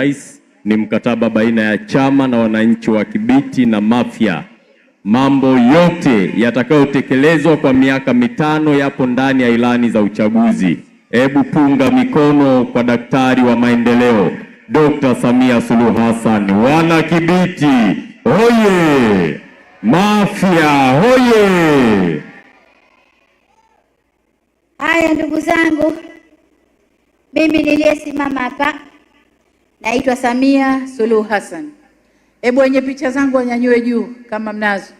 Rais ni mkataba baina ya chama na wananchi wa Kibiti na Mafia. Mambo yote yatakayotekelezwa kwa miaka mitano yapo ndani ya ilani za uchaguzi. Hebu punga mikono kwa daktari wa maendeleo Dr. Samia Suluhu Hassan. Wana Kibiti hoye! Mafia hoye! Haya ndugu zangu, mimi niliyesimama hapa Naitwa Samia Suluhu Hassan. Hebu wenye picha zangu wanyanyue juu kama mnazo.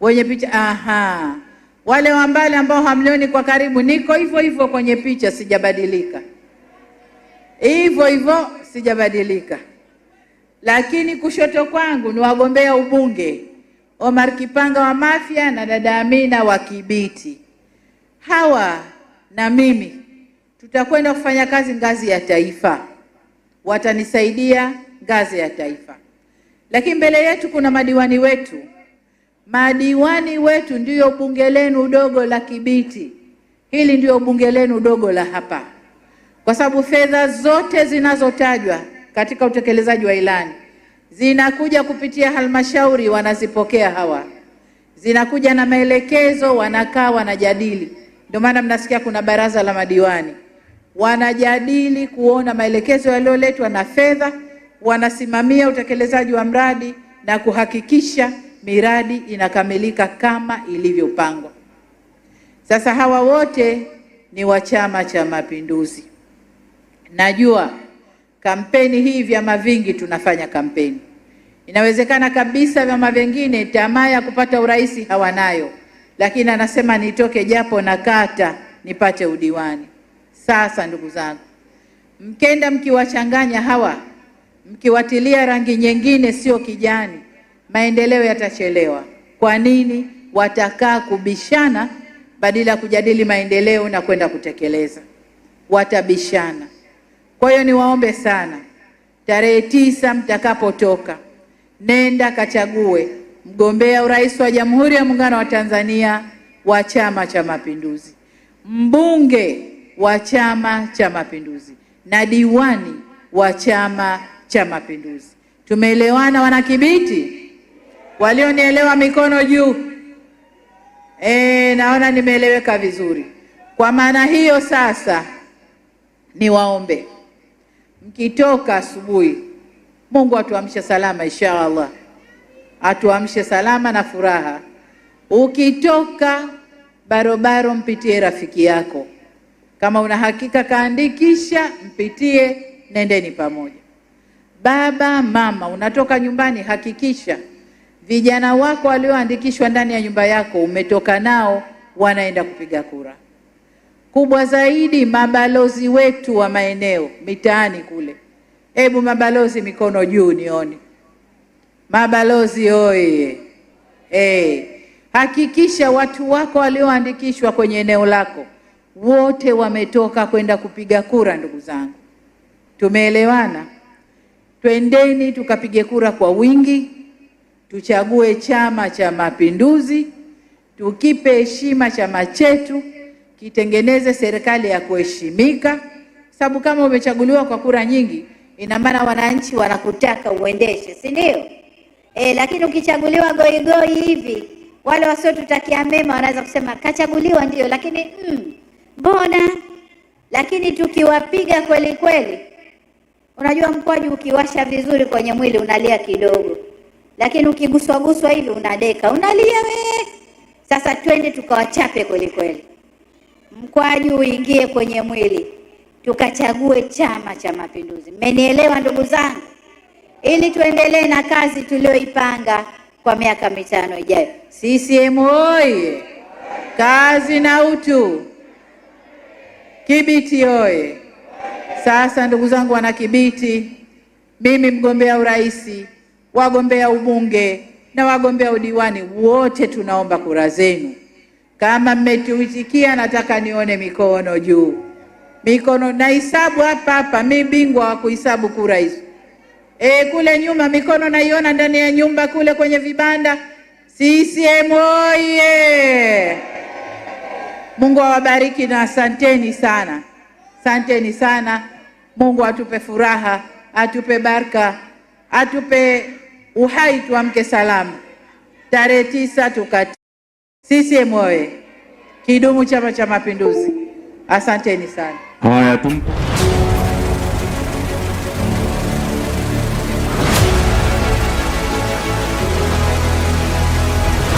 Wenye picha, aha. Wale wa mbali ambao hamlioni kwa karibu, niko hivyo hivyo kwenye picha, sijabadilika. Hivyo hivyo sijabadilika. Lakini kushoto kwangu ni wagombea ubunge Omar Kipanga wa Mafia na dada Amina wa Kibiti. Hawa na mimi tutakwenda kufanya kazi ngazi ya taifa watanisaidia ngazi ya taifa. Lakini mbele yetu kuna madiwani wetu, madiwani wetu ndiyo bunge lenu dogo la Kibiti, hili ndiyo bunge lenu dogo la hapa, kwa sababu fedha zote zinazotajwa katika utekelezaji wa ilani zinakuja kupitia halmashauri, wanazipokea hawa, zinakuja na maelekezo, wanakaa wanajadili. Ndio maana mnasikia kuna baraza la madiwani wanajadili kuona maelekezo yaliyoletwa na fedha, wanasimamia utekelezaji wa mradi na kuhakikisha miradi inakamilika kama ilivyopangwa. Sasa hawa wote ni wa Chama cha Mapinduzi. Najua kampeni hii vyama vingi tunafanya kampeni. Inawezekana kabisa vyama vingine tamaa ya kupata urais hawanayo, lakini anasema nitoke japo na kata nipate udiwani. Sasa ndugu zangu, mkenda mkiwachanganya hawa, mkiwatilia rangi nyingine, sio kijani, maendeleo yatachelewa. Kwa nini? Watakaa kubishana badala ya kujadili maendeleo na kwenda kutekeleza, watabishana. Kwa hiyo niwaombe sana, tarehe tisa mtakapotoka, nenda kachague mgombea urais wa Jamhuri ya Muungano wa Tanzania wa Chama cha Mapinduzi, mbunge wa Chama cha Mapinduzi na diwani wa Chama cha Mapinduzi. Tumeelewana Wanakibiti? Walionielewa mikono juu. E, naona nimeeleweka vizuri. Kwa maana hiyo sasa, niwaombe mkitoka asubuhi, Mungu atuamshe salama insha Allah, atuamshe salama na furaha. Ukitoka barobaro, mpitie rafiki yako kama una hakika kaandikisha, mpitie, nendeni pamoja. Baba mama, unatoka nyumbani, hakikisha vijana wako walioandikishwa ndani ya nyumba yako umetoka nao, wanaenda kupiga kura. Kubwa zaidi, mabalozi wetu wa maeneo mitaani kule, hebu mabalozi, mikono juu nione. Mabalozi oye! Hey, eh, hakikisha watu wako walioandikishwa kwenye eneo lako wote wametoka kwenda kupiga kura. Ndugu zangu, tumeelewana? Twendeni tukapige kura kwa wingi, tuchague Chama cha Mapinduzi, tukipe heshima chama chetu, kitengeneze serikali ya kuheshimika, sababu kama umechaguliwa kwa kura nyingi, ina maana wananchi wanakutaka uendeshe, si ndio? E, lakini ukichaguliwa goigoi hivi, wale wasiotutakia mema wanaweza kusema kachaguliwa ndio, lakini mm, mbona lakini tukiwapiga kweli kweli, unajua mkwaju ukiwasha vizuri kwenye mwili unalia kidogo, lakini ukiguswaguswa hivi unadeka, unalia we. Sasa twende tukawachape kweli kweli, mkwaju uingie kwenye mwili, tukachague Chama cha Mapinduzi. Mmenielewa ndugu zangu? Ili tuendelee na kazi tulioipanga kwa miaka mitano ijayo. CCM oye! Kazi na utu! Kibiti oye! Sasa ndugu zangu wana Kibiti, mimi mgombea urais, wagombea ubunge na wagombea udiwani wote tunaomba kura zenu. Kama mmetuitikia, nataka nione mikono juu. Mikono hisabu hapa hapa, mi bingwa wa kuhisabu kura hizo. E, kule nyuma mikono naiona ndani ya nyumba kule kwenye vibanda. CCM oye! Mungu awabariki na asanteni sana, asanteni sana. Mungu atupe furaha, atupe baraka, atupe uhai, tuamke salama tarehe tisa tukati. CCM oye! Kidumu Chama cha Mapinduzi! Asanteni sana. Haya, tum